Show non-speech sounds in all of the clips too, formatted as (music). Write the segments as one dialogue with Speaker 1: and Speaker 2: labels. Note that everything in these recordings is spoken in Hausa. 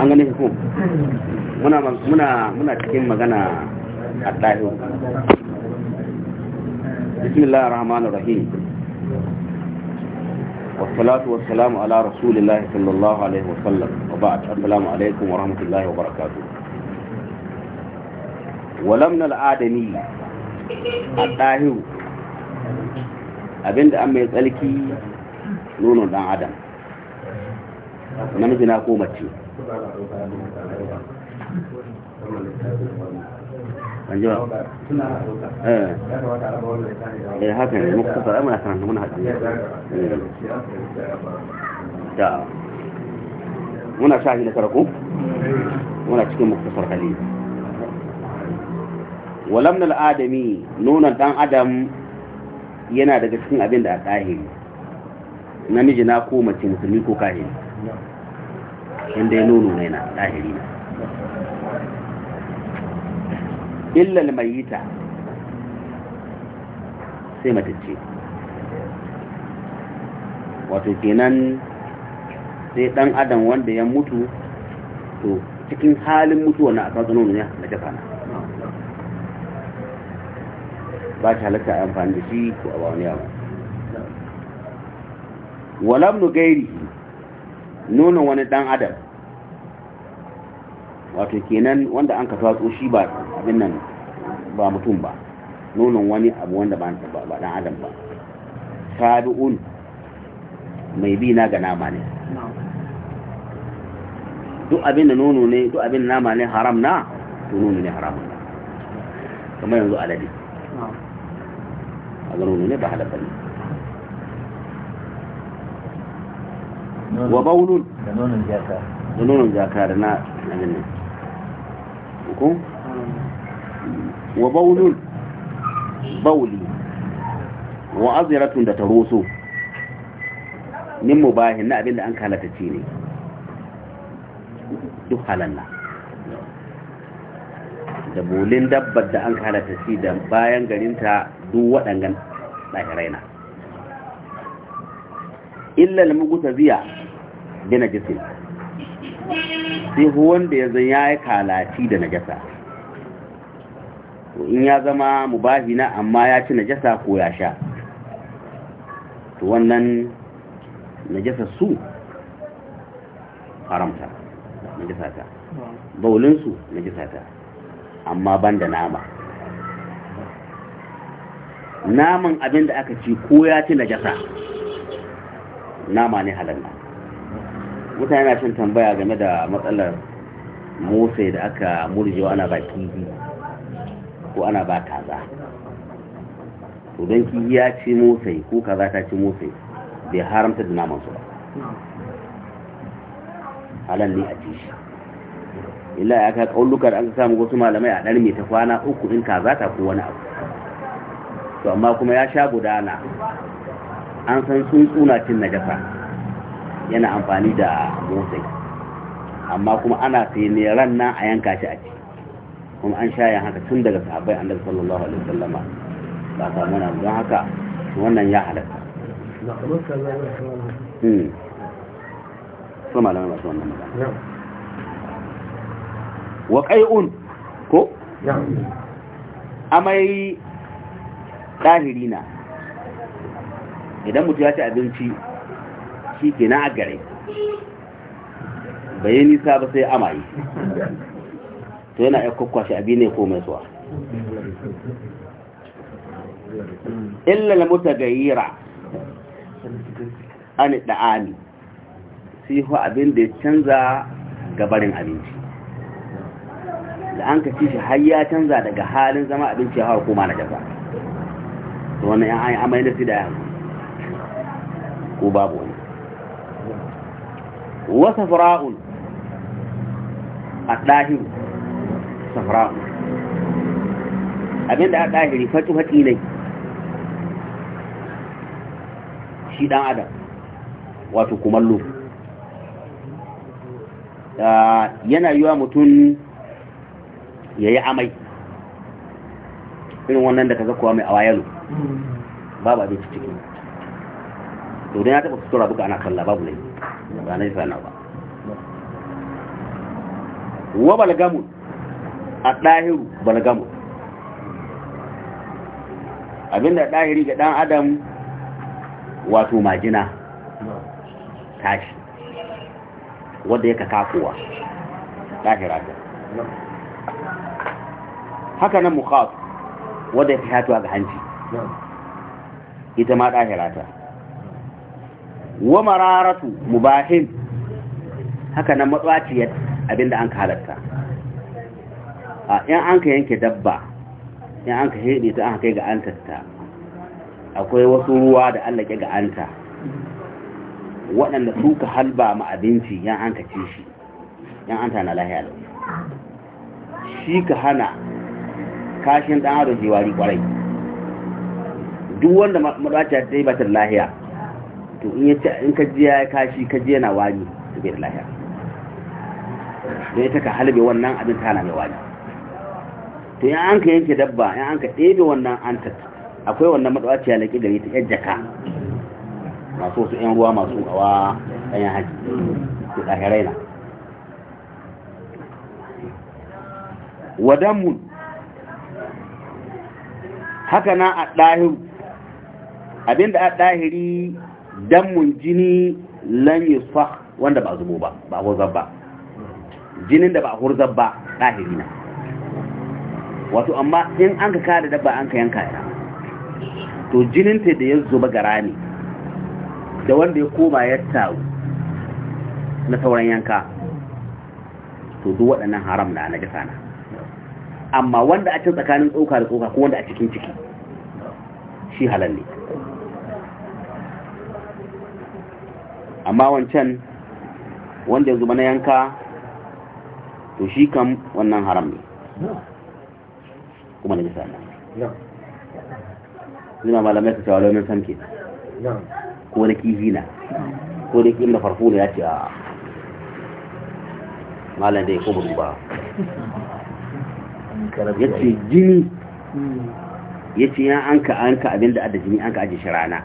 Speaker 1: an gane ko muna cikin magana a ɗahi bismillah rahman rahim wasalatu wasalamu ala rasulillahi sallallahu alaihi wa sallam. wa ba'd assalamu alaikum wa rahmatullahi wa barakatuh walam nal adami a ɗahi abinda an mai tsalki nonon dan adam namiji na ko mace
Speaker 2: anjiwa eh eh haka ne muna muna
Speaker 1: da eh. muna shahi na karku muna cikin muktasar kali walamnal adami nonon dan adam yana daga cikin abin da a ɗahiri namiji na ko mace musulmi ko kahiri inda ya nono na yana kahiri na illal mayita sai matacce wato kenan sai dan adam wanda ya mutu to cikin halin mutuwa na aka nuno ya na jafa na ba ta halatta amfani da shi ko a wani yawon walam nu gairi nuna wani dan adam wato kenan wanda an ka tatso shi ba abin nan ba mutum ba nuna wani abu wanda ba dan adam ba sabi'un mai bi na ga nama ne duk abin da nono ne duk abin nama ne haram na to nono ne haram kamar yanzu alade a ga nono ne ba halabba ne wa baunun da nonon jaka da na abin nan wa baunun bauli wa aziratun da taroso min bahin na abin da an kalata ce ne duk halalla da bolin dabbar da an kalata shi da bayan garinta duk waɗangan ɗahirai na illal mugu ta ziya bina jisin sai wanda ya zan ya yi kalaci da najasa to in ya zama mubahi na amma ya ci najasa ko ya sha to wannan najasa su haramta najasa ta baulinsu najasa ta amma ban da nama naman abin da aka ci ko ya ci najasa nama ne halar mutane na cin tambaya game da matsalar motsa da aka murjewa ana ba kiji ko ana ba kaza to don kiji ya ci motsa ko kaza ta ci motsa bai haramta da naman su ba halal ne a ci
Speaker 2: shi
Speaker 1: illa ya ka kauluka da an samu wasu malamai a ɗan mai ta kwana uku in kaza ta ko wani abu to amma kuma ya sha gudana an san sun tsuna cin najasa yana amfani da motsai amma kuma ana sai ne ran nan a yanka shi a ci kuma an sha haka tun daga sahabbai annabi sallallahu alaihi wasallama ba ta mana don haka wannan ya halatta sama da hmm. masu wannan wa qai'un ko amai ɗahiri na idan mutu ya ci abinci shi ke na gare bai yi nisa ba sai amayi to yana ya kwakwashe abi ne ko mai zuwa illa la mutagayyira an da'ani si hu abin da ya canza gabarin abinci da an ci shi har ya canza daga halin zama abinci ya hau koma na jaba to wannan ya amai na sai da ko babu wani وصفراء الطاهر صفراء abin da a ɗahiri faƙi faƙi ne shi ɗan adam wato kumallo yana yi wa mutum ya yi amai irin wannan da ka zakowa mai awayalo babu abinci ciki to don ya taɓa sutura buga ana kalla babu laifi ba na isa na ba wa balgamun a ɗahiru balgamun abinda ɗahiri ga ɗan adam wato majina tashi wadda ya kakakowa ɗahira ta haka nan mukhaf wadda ya fi hatuwa ga hanci ita ma ɗahira ta wa mararatu mubahin haka nan matsaciyar abinda an ka halatta a yan an ka yanke dabba yan an ka hede ta an kai ga antarta akwai wasu ruwa da Allah ke ga anta waɗanda suka halba ma abinci yan an ka ci shi yan an ta na lahiya lau shi ka hana kashin ɗan adam jiwari kwarai duk wanda matsaciyar ta yi batar lahiya to in yace in ka jiya ya kashi ka ji yana wani to bai da lahiya ta ka halbe wannan abin ta hana mai wani to ya an ka yanke dabba ya an ka ɗebe wannan ta akwai wannan matsawaciya laƙi gari ta yar jaka masu wasu 'yan ruwa masu awa ɗanyen haji to lahirai na wadamun haka na a ɗahiru abinda a ɗahiri damun jini lan yusfah wanda ba zubo ba ba hurzar ba jinin da ba hurzar ba ɗahiri na wato amma in an ka kada dabba an ka yanka ya to jinin ta da ya zuba gara ne da wanda ya koma ya tawo na sauran yanka to duk waɗannan haram na na gasa na amma wanda a cikin tsakanin tsoka da tsoka ko wanda a cikin ciki shi halal ne amma wancan wanda ya zuba na yanka to shi kam wannan haram ne kuma da misali zina malamai su cewa san samke ko da kifi na ko da ki na farko ne ya ce a ah. malam da ya kuma duba ya ce jini hmm. ya ce ya an ka an abinda adda jini an ka aji shi rana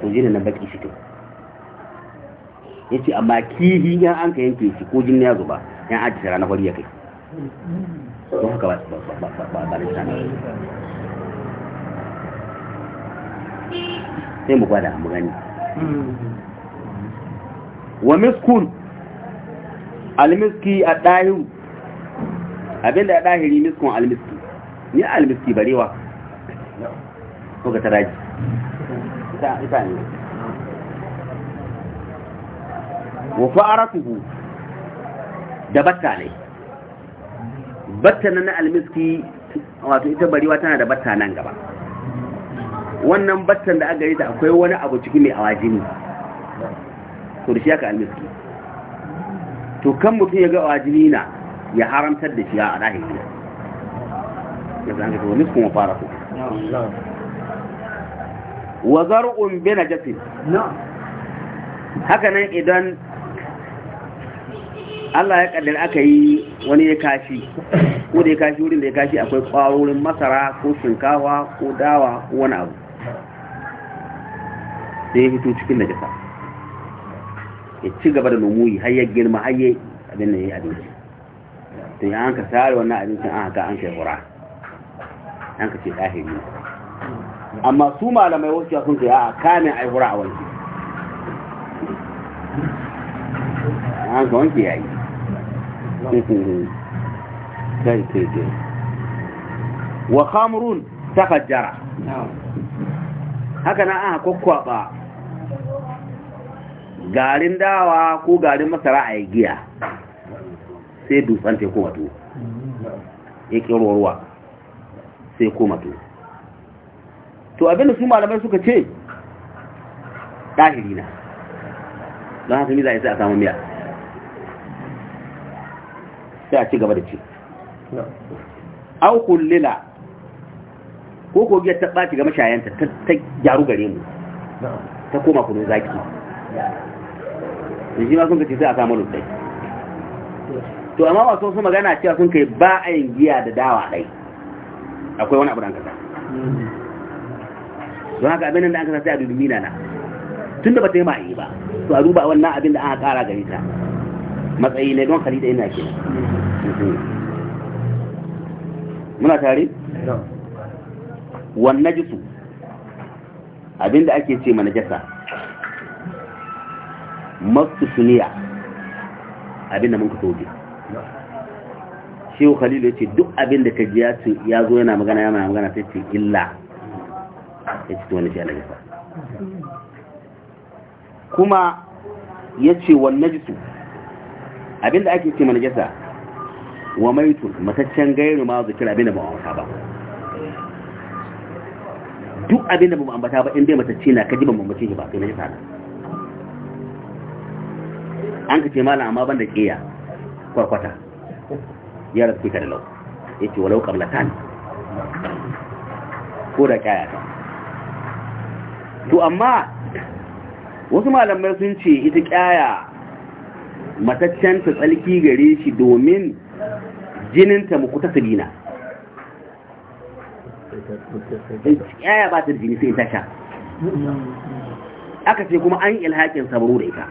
Speaker 1: to jini na baki shi kai ya ce amma kihi yan an ka yanke shi ko jini ya zuba yan aji tara na fari ya kai don haka ba ba ba sana sai mu gwada mu gani wa miskun almiski a ɗahiru abinda a ɗahiri miskun almiski ni almiski barewa ko ka taraji ita ne wa fa'aratuhu da batta ne batta na almiski wato ita bariwa tana da batta nan gaba wannan battan da aka yi ta akwai wani abu ciki mai awajini to da shi aka almiski to kan mutum ya ga awajini na ya haramtar da shi a rahiri ya zanga to nisfin wa fara wa zar'un bi najasin haka nan idan Allah ya kaddar aka yi wani ya kashi ko da ya kashi wurin da ya kashi akwai kwarorin masara ko shinkawa ko dawa ko wani abu sai ya hito cikin najasa ya ci gaba da numuyi har ya girma har ya abin da ya abinci to ya an ka sare wannan abincin an haka an hura an ka ce ɗahiri amma su malamai wasu sun ce a kamin hura a wanki an ka wanke ya yi kai
Speaker 2: kai kai
Speaker 1: wa khamrun tafajjara haka na an ha kokkwaba garin dawa ko garin masara a giya sai dutsen ta ko wato ya kiro ruwa sai ko to to abinda su malamai suka ce ɗahiri na don haka ni za a yi sai a samu miya sai a ci gaba da ci An kullila ko ko ta ɓaci ga mashayanta ta gyaru gare mu ta koma kudin zaki da shi ma sun kace sai a samu lutsai to amma wasu sun magana cewa sun kai ba a yin giya da dawa ɗai akwai wani abu da an kasa mm. don haka abin da an kasa sai a dubi na na tun da ba ta yi ma'ayi ba to a duba wannan abin da aka kara gari ta matsayi ne don khalida ina kenan mm. muna tare wannan jisu abinda ake ce mana jasa masu suniya abinda mun ka bi shehu khalilu ya ce duk abinda ka ji ya zo yana magana yana magana sai ce illa ya ce wani na jasa kuma ya ce wannan jisu abinda ake ce mana jasa wa maitun mataccen gairu ma abin abinda ba ambata ba duk abinda ba ambata ba in bai matacce na kaji ba mamace shi ba sai na yi sana an ka ce malam amma ban da kiya kwarkwata ya rasu ka da lau ya ce walau ne? ko da kyaya ta to amma wasu malamai sun ce ita kyaya mataccen ta tsalki gare shi domin jininta ta sabina yaya ba ta da jini sai ta sha aka ce kuma an yi ilhakin sabaro da ita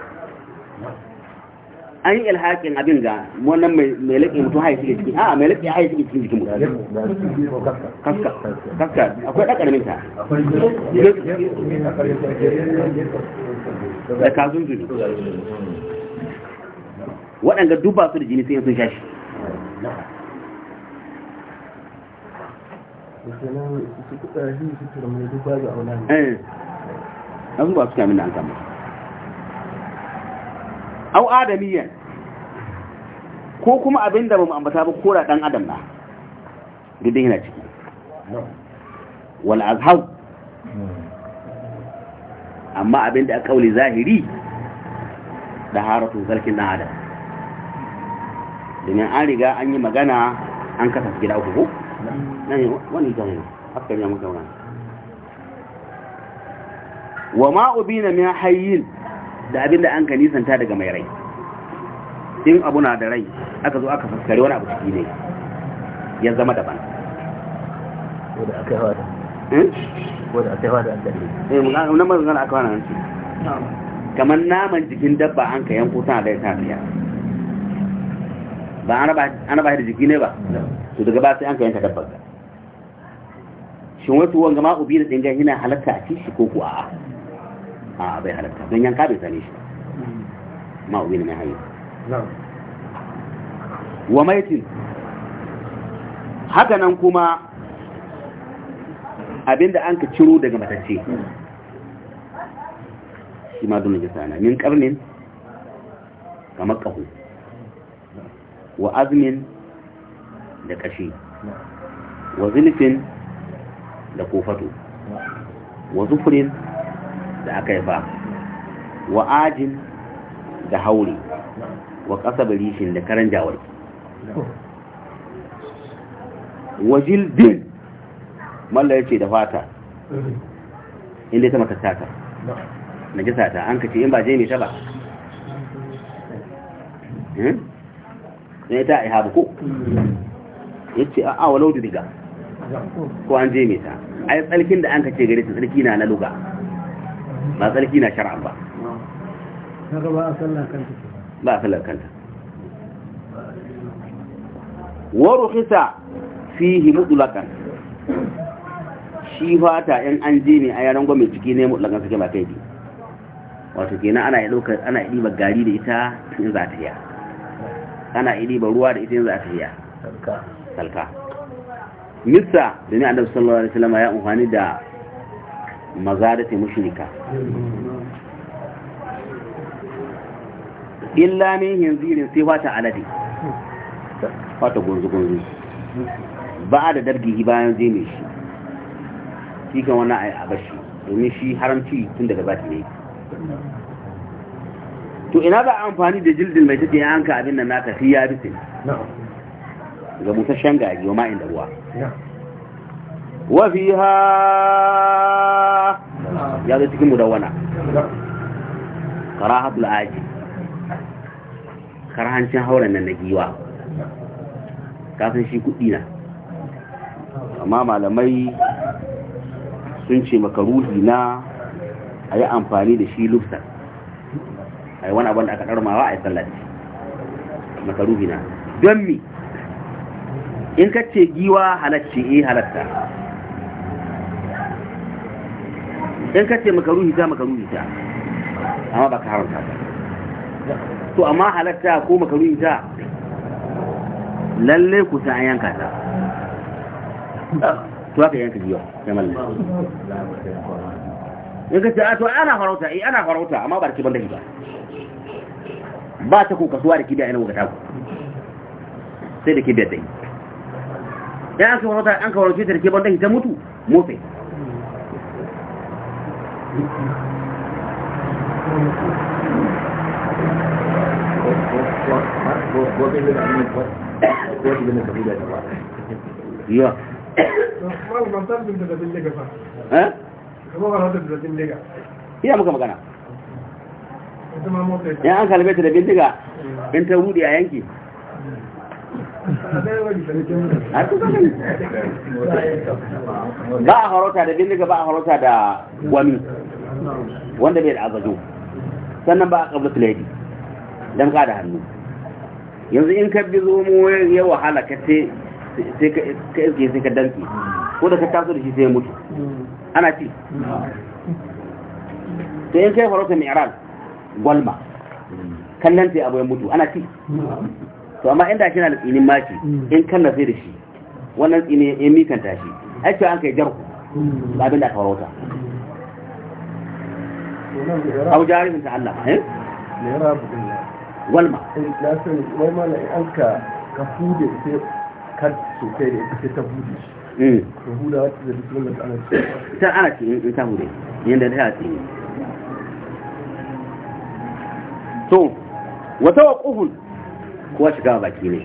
Speaker 1: an yi ilhakin abin ga wannan mai laƙi mutum haifi suke cikin a mai laƙi haya suke cikin jikin mutum kaska kaska akwai ɗakarmin ta da kazun zuri waɗanda dubba su da jini sai sun shashi Eh, an zuwa suka min da au ko kuma abin da ba mu kora dan adam na didin yana ciki wal azhar hmm. amma abin da aka kauli zahiri da haratu zalkin dan adam domin an riga an yi magana an kasa gida uku ko yi wani ta ne haka ne muka wani wa ma na mai hayin da abin da an ka nisanta daga mai rai in abu na da rai aka zo aka fuskari wani abu ciki ne ya zama daban wadda aka aka yi kamar naman jikin dabba an ka yanko tana da ya tafiya ba ana ba da jiki ne ba to daga ba sai an kayan takar ga shin wasu wanga ma ubi da dinga yana halatta a kishi ko kuwa? a'a a bai halatta don yanka bai sani shi ma ubi da mai hanyar wa maitin haka nan kuma abinda an ka ciro daga matacce shi ma dunin jisana min karnin kamar kahu wa azmin da kashi wa zilfin da kofato wa zufurin da ba wa ajin da hauri wa ƙasa barishin da karan jawar wa jildin malla ya ce da fata inda ta makasata na jisata an ka ce in ba je ta ba hmm? ne ta ai habu ko Ya ce a'a walau da diga ko an je mai ta ai tsarkin da an ka ce gare su tsarki na na luga ba tsarki na shara'a ba
Speaker 2: ba a sallar
Speaker 1: kanta waru a sallar yi wa fihi shi fata in an je ne a yaran gwamnati ciki ne mutulakan suke ba kai wato kenan ana yi dauka ana gari da ita tun za ta yi ana iri ba ruwa da ita yanzu a tafiya salka misa a annabi sallallahu alaihi salama ya amfani da mazadati mushrika illa min zirin sai wata alade wata gunzu gunzu ba da dargihi bayan zai shi shi kan wani a bashi domin shi haramci tun daga zati ne to ina za a amfani da jildin mai take ya hanka abin nan na fi ya rufe ga busasshen gari wa ma'in da ruwa wafi ha ya zo cikin mudawana karahatul aji karhancin hauren nan na giwa kasan shi kuɗi na amma malamai sun ce makaruhi na a yi amfani da shi lufsar ai wani abin da aka darmawa a sallah ce Makarubina. na don mi in ka ce giwa halacci eh halatta in ka ce makaruhi ta makaruhi ta amma ba ka haramta ta to amma halatta ko makaruhi ta lalle ku ta yanka ta to aka yanka giwa ya mallaka in ka ce a to ana farauta eh ana farauta amma ba da kiban da ba ba ta ku kasuwa da kibiya ina wata ku sai da kibiyar dai ya an farauta an ka farauce ta da kiban da ta mutu motsi Yeah. Iya muka magana
Speaker 2: ya an kalbe ta da bindiga in
Speaker 1: ta a yanki ba a harauta da bindiga ba a harauta da wani wanda bai da agajo sannan ba a kabla tuladi don kada hannu yanzu in ka bi zomo ya wahala ka sai ka iske sai ka danki ko da ka taso da shi sai mutu ana ci to in kai farauta mi'ral gwalma kallon ta abu ya mutu ana ci to amma inda kina da tsinin maki in kalla sai da shi wannan tsini ya mikanta shi ake an kai jarku ba abin da farauta abu jarimin ta Allah eh gwalma eh, na san gwalma mana an ka ka hude sai ka sosai da ita ta hude shi Eh. ta ana ce in ta hure yadda eh, ta ce to wata waƙufun kuwa shiga baki ne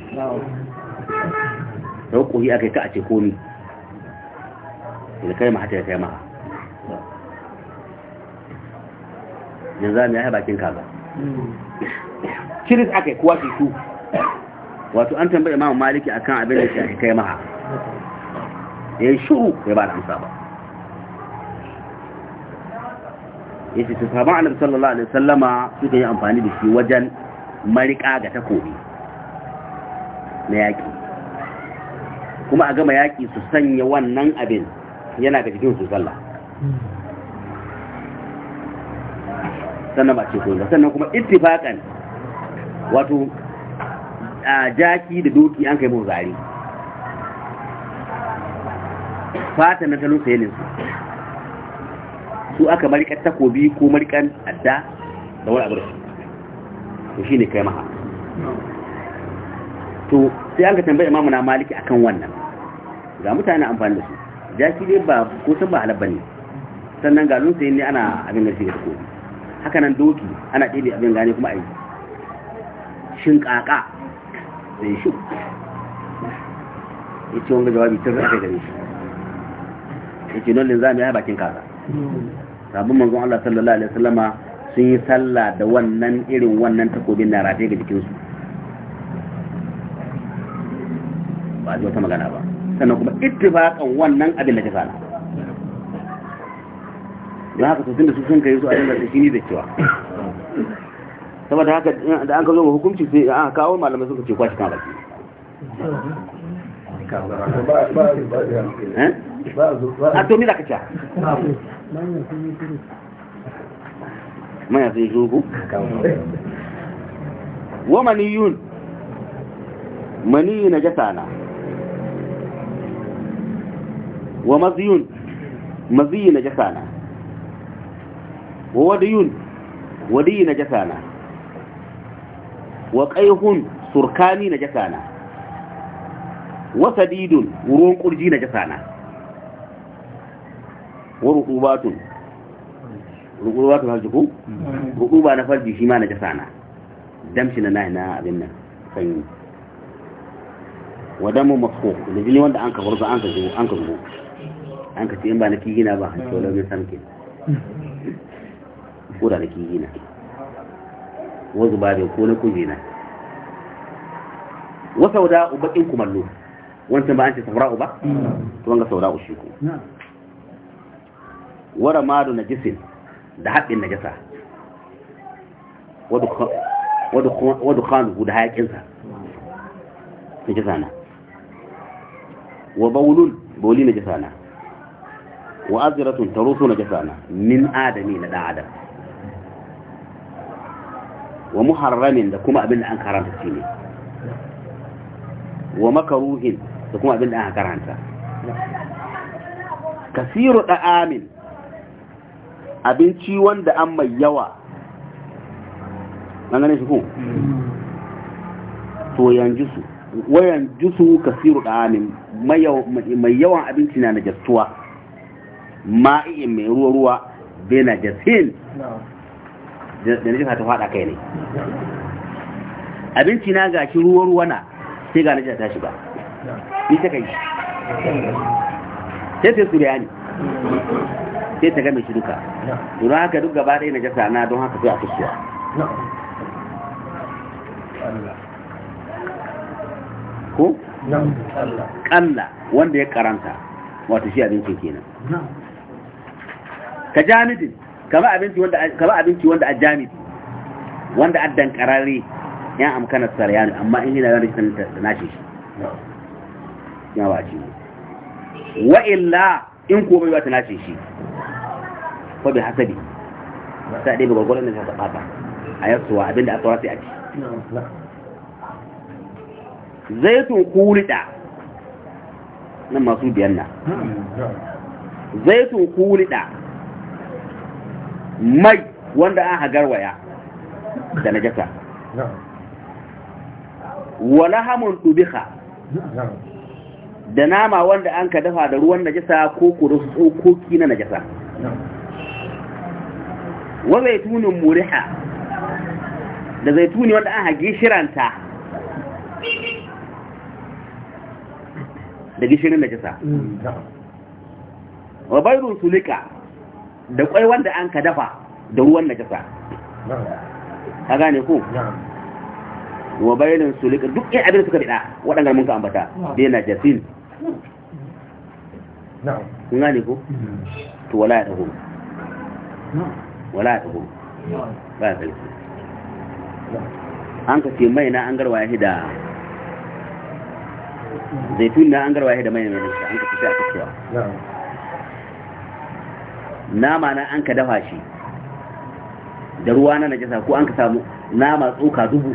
Speaker 1: ta waƙufi aka yi ka a ce komi da kai mahata ya kai maha yanzu za mu yi bakin kaza kiris aka yi kuwa shi su wato an tambaye imamu maliki akan abin da shi kai maha ya yi shuru ya ba da amsa ba ya ce sahaban annabi sallallahu alaihi sallama suka yi amfani da shi wajen marika ga takobi na yaƙi kuma a gama yaƙi su sanya wannan abin yana ga cikin su sallah sannan ba ce ko yanzu. sannan kuma ittifaƙan wato a jaki da doki an kai mu zari fata na talon sayanin su su aka marikan takobi ko marikan adda da wani abu da su to shi ne kai maha to sai an ka tambayi imamu na maliki akan wannan ga mutane amfani da su jaki dai ba ko san ba halabba ne sannan ga lunsa ne ana abin da da takobi, haka nan doki ana ɗebe abin gane kuma a yi shinkaka da shi ya ce wanga jawabi tun zai aka gare shi yake don linzami ya bakin kaza sabon manzon Allah sallallahu alaihi wasallam sun yi sallah da wannan irin wannan takobin na rafe ga su ba ji wata magana ba sannan kuma ittifaqan wannan abin da ta fara don haka sosai da su sun kai su a yanzu shi ne da cewa saboda haka da an ka zo hukunci sai a kawo malamai suka ce kwashi kan baki eh? a to maya sun shugu wa maniyun maniyu na jasa wa maziyun maziyi na jasa wa wadiyun wadiyi na jasa wa ƙaihun surkani na jasa wa sadidun ruwan ƙurji na jasa wa rutubatun rutubatun jiku mm. rutuba na farji shi ma na jasa na damshi na nahi na abin nan sanyi da jini wanda an ka an ka zubo an ka zubo an ka ce in ba na kigina ba samke da da ko na kujina sauda ubakin kumallo wancan ba an ce saura'u ba
Speaker 2: mm.
Speaker 1: to wanga saura'u shi wara madu na jisin da haɗin na jasa wadda kwanuhu guda hayakinsa na jasa na wa baulun boli na jasa na wa aziratun tarusu na jasa na min adami na ɗan wa muharramin da kuma abin da an karanta shi ne wa makaruhin da kuma abin da an karanta kasiru da amin abinci wanda an mai yawa an gane shi ko to yanzu su wayan jusu kasiru ɗanin mai yawan abinci na najastuwa ma'i'in mai ruwa-ruwa bai najasin da jika ta faɗa kai ne abinci na gashi ruwa-ruwa na sai ga najasa ta ba, ni ta kai sai sai su da yani sai ta game shi duka don haka duk gaba ɗaya na jasa na don haka sai a kuskuwa ko? ƙalla wanda ya karanta wata shi abincin kenan ka janidin kama abinci wanda a janidi wanda addan karari ya amkana tsariyanu amma in yana yana rikin da nashi shi ya wa wa illa in ko bai ta nashi shi fa bi hasabi ta dai ba gurgurun da ta bata a yasuwa abinda a tsora sai a ci zaitun kulida na masu biyan na zaitun kulida mai wanda an hagarwaya da najasa wala hamun tubiha da nama wanda an ka dafa da ruwan najasa ko ko tsokoki na najasa wa zaitunin muriha da zaituni wanda an hage shiranta da gishirin da kisa wa bayrun sulika da kwai wanda an ka dafa da ruwan da kisa ka gane ko wa bayrun sulika duk ɗin abin suka bida waɗanda mun ka ambata bai na jasin kun gane ko to wala ya taho wala tuhu ba ya tsarki an ka ce mai na an garwa ya da zaitun na an garwa ya da mai na rinsa an ka fi a cewa nama na an ka dafa shi da ruwa na najasa ko an ka samu nama tsoka dubu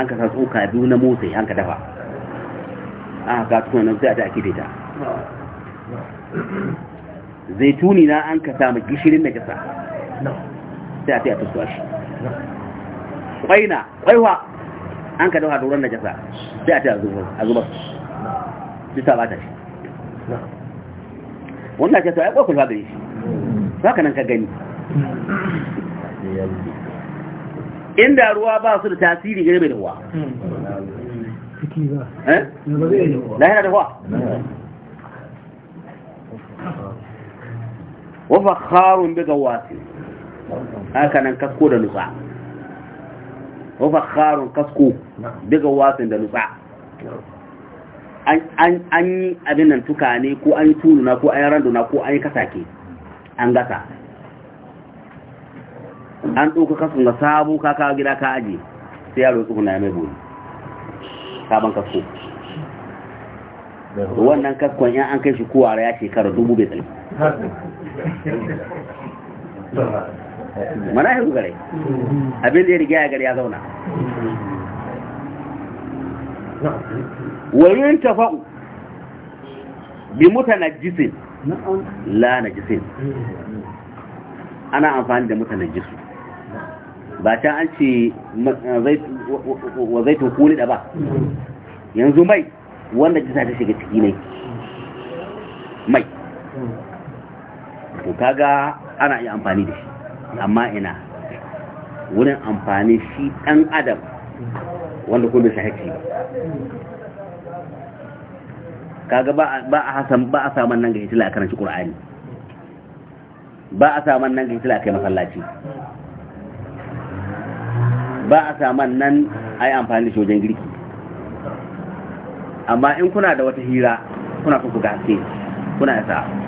Speaker 1: an ka sa tsoka biyu na motsa an ka dafa an ka tukuna nan sai a ta ake ta zaituni na an ka samu gishirin da gasa sai a fi a tuska shi ƙwaina ƙwaiwa an ka dauka doron da gasa sai a fi a zuba su ta bata shi ke sa ya ƙwaƙulwa gani, shi mm. haka nan ka gani
Speaker 2: mm.
Speaker 1: inda ruwa ba su da tasiri gare mai da ruwa mm. eh? eh? ruwa wa fakharun bi gawasi haka nan kasko da nutsa wa fakharun kasko bi gawasin da nutsa an an yi abin nan tukane ko an yi tuluna ko an yi randuna ko an yi kasake an gasa an ɗauka kasko ga sabu ka kawo gida ka aji sai yaro tsuhu ya mai buri sabon kasko wannan kaskon yan an kai shi kowara ya shekara dubu bai tsalki mana hiru gare abin da ya riga ya gari ya zauna wurin tafa'u bi jisin, la na jisin. ana amfani da jisu ba ta an ce wa zai tukuli da ba yanzu mai wanda jisa ta shiga ciki ne ko kaga ana iya amfani da shi amma ina wurin amfani shi ɗan adam wanda kuma shi haƙi kaga ba a hasan ba a saman nan ga hitila a karanci ƙur'ani ba a saman nan ga hitila a kai masallaci ba a saman nan a yi amfani da shojen girki amma in kuna da wata hira kuna kuka haske kuna yasa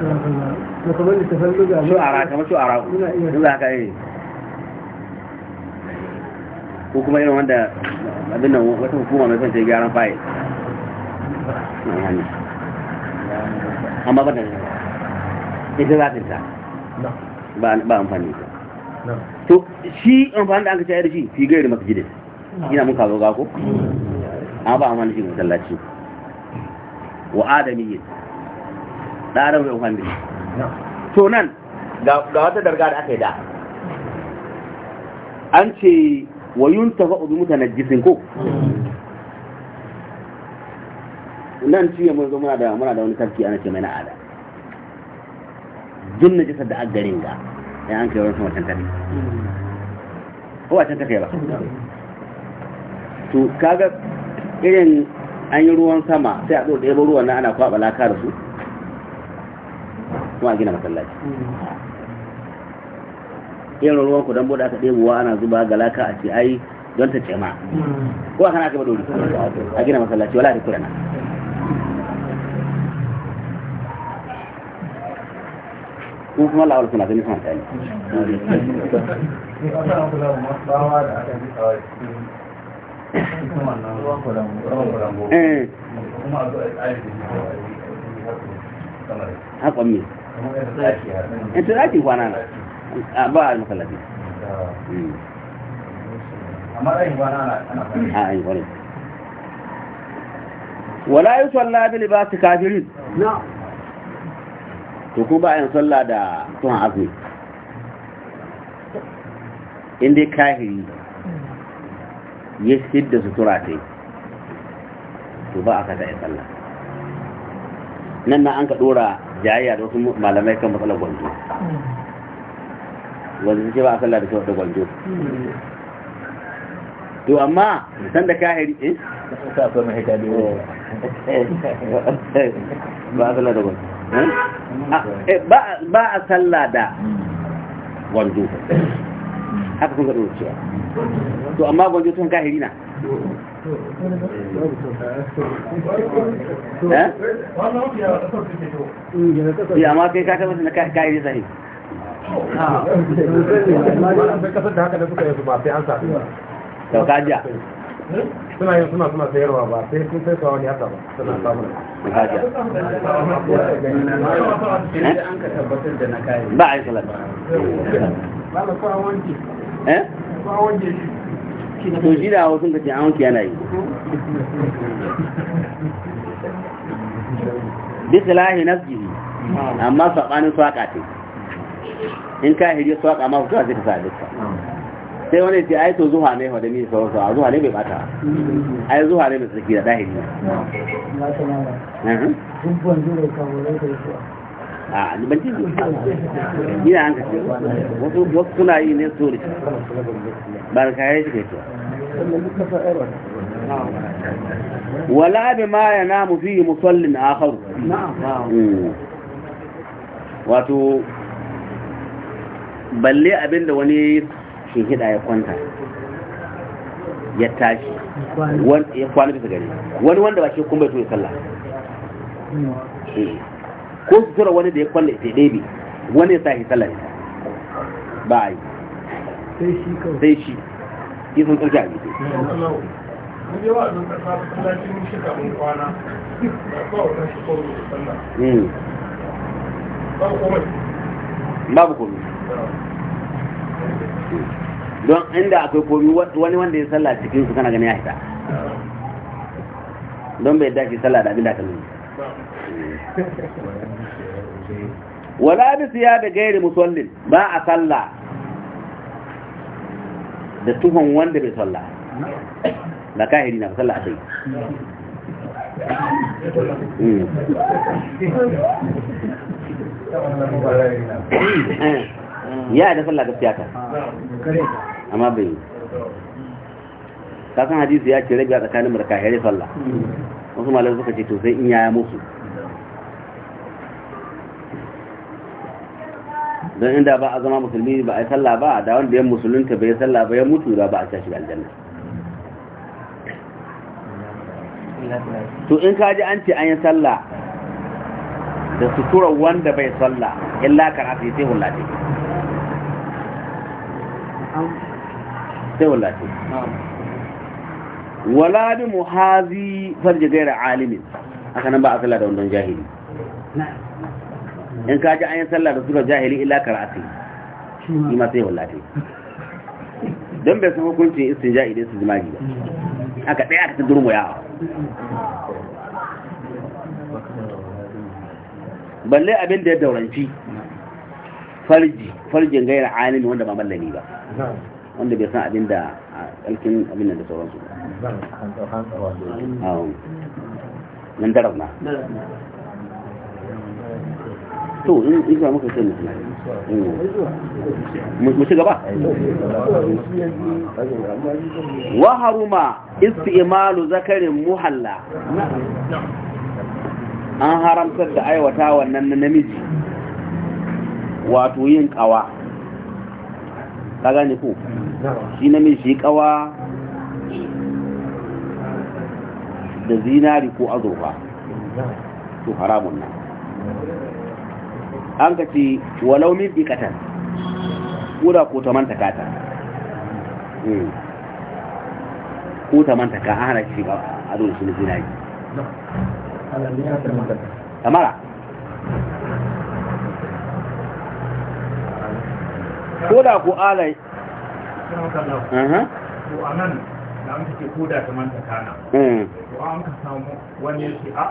Speaker 1: kamar littafan luga shu'ara kamar shu'ara luga haka eh ko kuma irin wanda abin wata hukuma mai son ta gyaran amma ba da ita za ta ba amfani ta to shi amfani da cayar da shi fi masjidin ina mun kawo hmm. amma ba amfani shi masallaci wa adamiyyin da rabin wanda to nan ga wata darga da aka yi da an ce wayun tafa bi mutanen jisin ko nan ciye mun zo muna da wani tafki ana ce mai na'ada duk na jisar da agarin ga ya an kai wani can tafi ko a can tafi ba to kaga irin an yi ruwan sama sai a ɗo ɗaya ruwan na ana kwaɓa laka da su kuma a gina masallaci yin ruwan ku don bude aka ɗebowa ana zuba galaka a ce ai don ta cema ko a kana aka bado a gina masallaci wala da kurana ko kuma la'awar suna gani suna tani eh.
Speaker 2: haƙon me ita za kwana
Speaker 1: na ah, ba a masallaci hmm. amma zai kwana na ah, wala yi salla bi libasi kafirin to ku ba yin tsalla da tuhan azumi inda kafiri ya shidda sutura ta yi to ba a kata yin tsalla nan na an ka dora jayayya da wasu malamai kan matsalar gwanjo wanda suke ba a sallah da kyau da gwanjo to amma san da ka hari eh (laughs) ba a sallah da gwanjo hmm? ah, eh, ba a sallah da gwanjo haka kun da cewa to amma gwanjo sun ka kahiri na Eh?
Speaker 2: ya
Speaker 1: na sayarwa ba
Speaker 2: a
Speaker 1: to shi da hausun ka ce an wanke yana yi bisa lahi nafsihi amma saɓanin swaka ce in ka hiri swaka ma kuka zai ka sa sai wani ce ai to zuwa ne wa da mi sau sau zuwa ne bai bata ai zuwa ne mai tsaki da dahiri a ban ji ina an kace wasu wasu suna yi ne so da barka ya shi
Speaker 2: kai wala
Speaker 1: bi ma ya namu fi musallin akhar hmm. wato balle abinda wani shi hida ya kwanta ya tashi ya kwana bisa gari wani wanda ba shi kuma ya so ya sallah hmm. ko su tura wani da ya kwalla ita ɗebe wani ya sahi sallar ita ba a yi sai shi yi sun tsarki a gidi hmm. babu komi don inda akwai komi wani wanda ya tsalla cikin su kana gani ya hita don bai dace tsalla da abin da ta nuna wala bi siya da gairi musallin ba a sallah da tuhon wanda bai sallah na kahiri na sallah a sai
Speaker 2: hmm. ya da sallah gaskiya ta amma bai
Speaker 1: san hadisi ya ce rabiya tsakanin mu da kahiri sallah wasu malar suka ce to sai in yaya musu don inda ba a zama musulmi ba a yi sallah ba da wanda ya musulunta bai sallah ba ya mutu da ba a tashi aljanna to in ka ji an ce an yi sallah da suturar wanda bai sallah illa kan a sai hullate sai hullate wala bi muhazi farji gaira alimin Aka nan ba a sallah da wanda jahili in ka ji an yi sallah da suka jahili illa karatu shi ma sai wallahi don bai san hukuncin istinja idan su jima'i ba aka ɗaya aka ta durmuya balle abin da ya dauranci farji farjin gaira alimi wanda ba mallami ba wanda bai san abin da alkin abin da sauransu ba nan darar na to in muka sani
Speaker 2: mu gaba wa
Speaker 1: haruma istimalu zakarin muhalla an haramtar da aiwata wannan na namiji wato yin kawa ka gane ko shi namiji shi kawa da zinari ko azurfa to haramun nan an ka ce walau min ikatan kuda ko ta manta kata ko ta manta ka hmm. hana shi a adon shi zina yi kamara ko da ko alai ko anan da an ce ko da ta manta kana ko hmm. an ka samu wani yake a ah,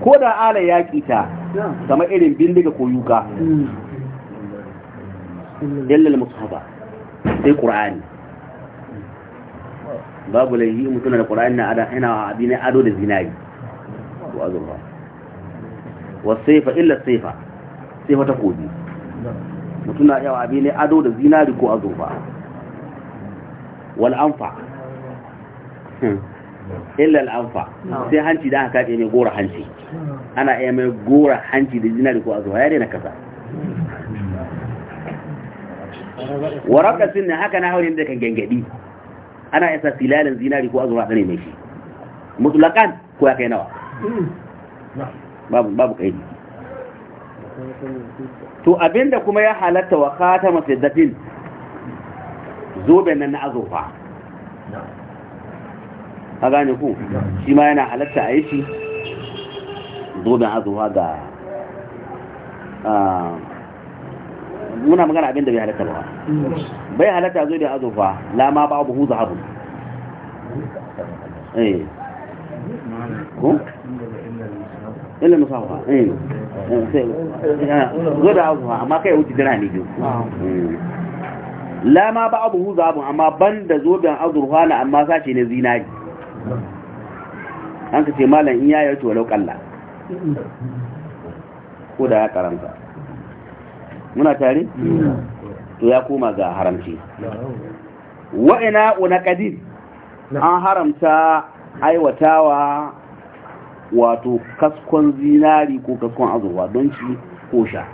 Speaker 1: ko da ala ya kita kamar irin bindiga ko yuka illal mushaba sai qur'ani babu laihi mutuna da qur'ani na ada ina abi ado da zinari wa azurfa wa sayfa illa sayfa sayfa ta kodi mutuna na yawa abi ado da zinari ko azurfa wal anfa Hmm. illa al'amfa sai hanci da aka kace mai gora hanci ana iya mai gora hanci da zinari ko a ya daina kasa hmm. warakasin na haka na haurin da kan gangadi ana isa silalin zinari ko a da ne mai shi mutlaqan ko ya kai nawa hmm. babu kai to abinda kuma ya halatta wa khatama siddatin zoben nan na azufa ka gane ku shi ma yana halatta a yi shi zoben azuwa ga muna magana abin da bai halatta ba bai halatta zoben azuwa lama ba abu huza abu eh ko illa musawa eh, eh zo da azuwa amma kai wuce jira ne biyu eh. lama ba abu huza abu amma ban da zoben azurfa na amma sace ne zinari an ka ce malam in ya yi walau kalla ko da ya karanta muna tare to ya koma ga haramci
Speaker 2: wa'ina
Speaker 1: una kadir an haramta aiwatawa wato kaskon zinari ko kaskon azurwa don ci ko sha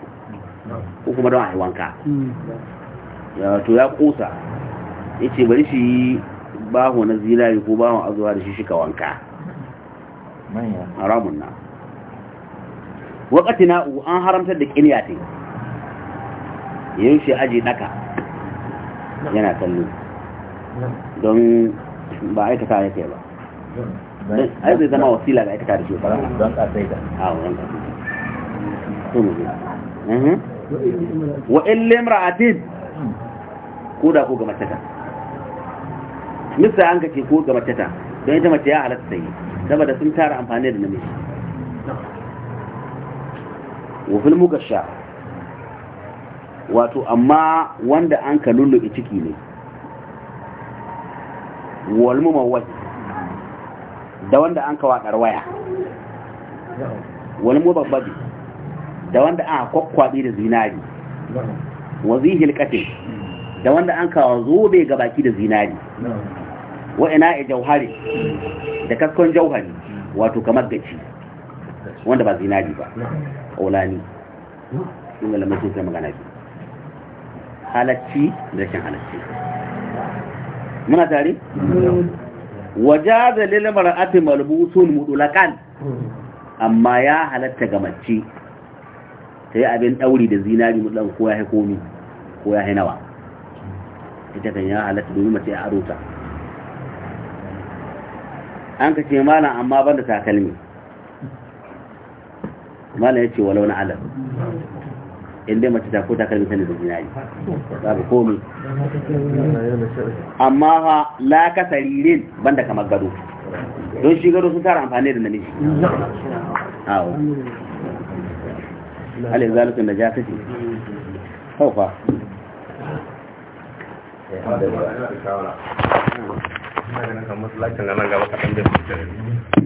Speaker 1: ko kuma don a wanka to ya kosa ya ce bari shi baho na zinari ko a zuwa da shi shika wanka haramun na wakati na an haramtar da kiniya ta yaushe aji daka yana kallo don ba aikata yake ba ai zai zama wasila ga aikata da shi ba don kasaita a wurin kasaita mhm. wa'in limra atib hmm. ko da ko ga matakan mista an ka ko ga mace ta don ita mace ya halatta sai saboda sun tara amfani da namiji wa fil mugasha wato amma wanda an ka lulluɓe ciki ne wal mumawwaj da wanda an ka wakar waya wal mubabbabi da wanda an kwakkwabi da zinari wa zihil da wanda an kawo zobe ga baki da zinari wa ina jauhari da kaskon jauhari wato kamar gaci wanda ba zinari ba aulani sun ga lamarin sai magana biyu halacci da rashin halacci muna tare waje wajaza lil sun malbusun mudulakan amma ya halatta ga mace ta yi abin ɗauri da zinari mutlan ko ya haiko ko ya hainawa ita kan ya halatta domin mace ya arota an ka ce malam amma banda takalmi malam ya ce walau na alam inda mace ta ko takalmi sani da yi babu komi amma ha la ka saririn banda kamar gado don shi gado sun tara amfani da namiji awo halin zalikin eh, da ja kace haufa
Speaker 2: ina ganin kamar lakin nan gaba kaɗan da su